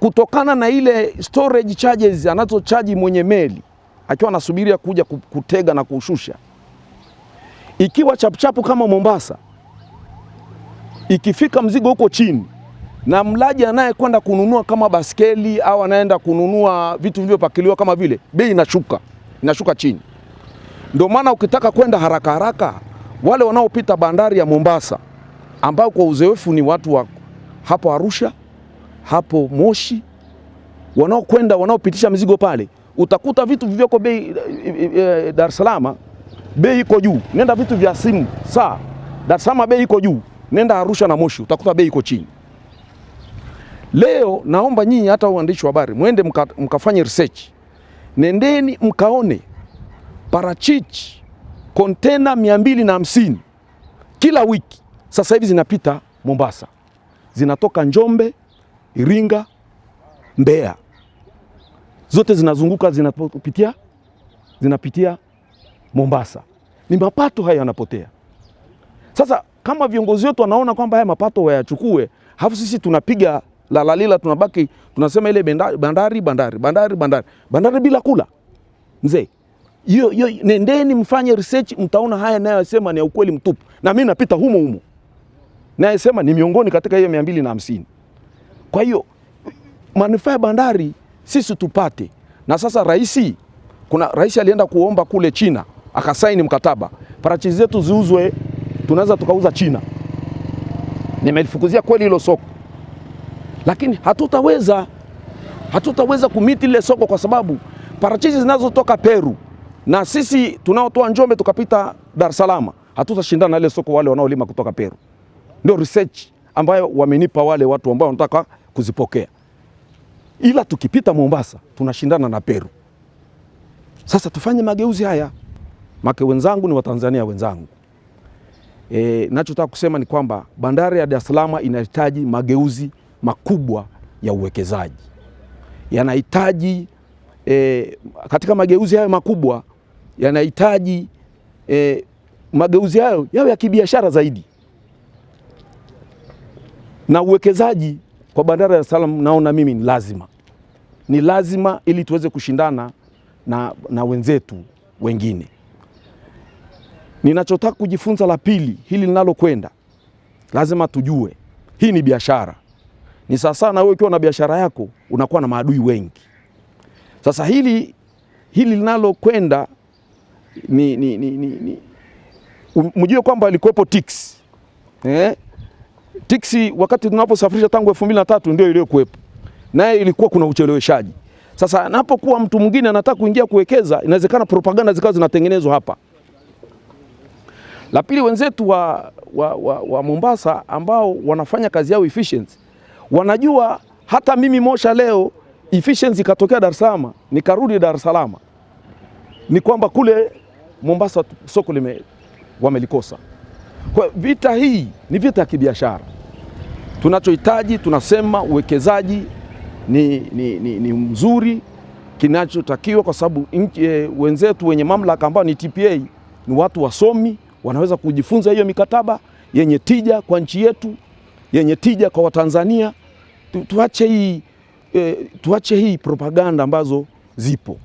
kutokana na ile storage charges anazochaji mwenye meli akiwa anasubiria kuja kutega na kushusha Ikiwa chapuchapu kama Mombasa ikifika mzigo huko chini, na mlaji anayekwenda kununua kama baskeli au anaenda kununua vitu vilivyopakiliwa kama vile, bei inashuka, inashuka chini. Ndio maana ukitaka kwenda haraka haraka, wale wanaopita bandari ya Mombasa ambao kwa uzoefu ni watu wa hapo Arusha hapo Moshi, wanaokwenda wanaopitisha mizigo pale, utakuta vitu vivyoko bei e, Dar es Salaam bei iko juu, nenda vitu vya simu saa Dar es Salaam bei iko juu, nenda Arusha na Moshi utakuta bei iko chini. Leo naomba nyinyi hata waandishi wa habari mwende mka, mkafanye research, nendeni mkaone parachichi kontena mia mbili na hamsini kila wiki sasa hivi zinapita Mombasa, zinatoka Njombe Iringa, Mbeya, zote zinazunguka zinapitia zinapitia Mombasa. Ni mapato haya yanapotea. Sasa kama viongozi wetu wanaona kwamba haya mapato wayachukue, halafu sisi tunapiga lalalila, tunabaki tunasema ile bandari bandari bandari bandari bandari, bandari bila kula mzee. Yo, yo, nendeni mfanye research, mtaona haya nayosema ni ya ukweli mtupu, na mimi napita humo humo nayesema ni miongoni katika hiyo mia mbili na hamsini. Kwa hiyo manufaa ya bandari sisi tupate. Na sasa rais, kuna rais alienda kuomba kule China akasaini mkataba, parachichi zetu ziuzwe, tunaweza tukauza China. Nimelifukuzia kweli hilo soko, lakini hatutaweza hatutaweza kumiti lile soko kwa sababu parachichi zinazotoka Peru na sisi tunaotoa Njombe tukapita Dar es Salaam hatutashindana na ile soko wale wanaolima kutoka Peru. Ndio research ambayo wamenipa wale watu ambao wanataka kuzipokea, ila tukipita Mombasa tunashindana na Peru. Sasa tufanye mageuzi haya, make wenzangu ni Watanzania wenzangu. E, nachotaka kusema ni kwamba bandari ya Dar es Salaam inahitaji mageuzi makubwa ya uwekezaji, yanahitaji e, katika mageuzi hayo makubwa yanahitaji e, mageuzi hayo yawe ya kibiashara zaidi na uwekezaji kwa Bandari ya Dar es Salaam naona mimi ni lazima, ni lazima ili tuweze kushindana na, na wenzetu wengine. Ninachotaka kujifunza la pili, hili linalokwenda, lazima tujue hii ni biashara. Ni sasa na wewe ukiwa na biashara yako unakuwa na maadui wengi. Sasa hili hili linalokwenda ni, ni, ni, ni, ni. Mjue kwamba ilikuwepo tix eh? Tiksi wakati tunaposafirisha tangu 2003 ndio iliyokuwepo. Naye ilikuwa kuna ucheleweshaji. Sasa anapokuwa mtu mwingine anataka kuingia kuwekeza, inawezekana propaganda zikawa zinatengenezwa hapa. La pili, wenzetu wa, wa, wa, wa Mombasa ambao wanafanya kazi yao efficiency, wanajua hata mimi Mosha leo efficiency ikatokea Dar es Salaam nikarudi Dar es Salaam, ni kwamba kule Mombasa soko lime wamelikosa. Kwa vita hii ni vita ya kibiashara. Tunachohitaji tunasema uwekezaji ni, ni, ni, ni mzuri kinachotakiwa kwa sababu e, wenzetu wenye mamlaka ambao ni TPA ni watu wasomi, wanaweza kujifunza hiyo mikataba yenye tija kwa nchi yetu, yenye tija kwa Watanzania. tuache hii, e, tuache hii propaganda ambazo zipo.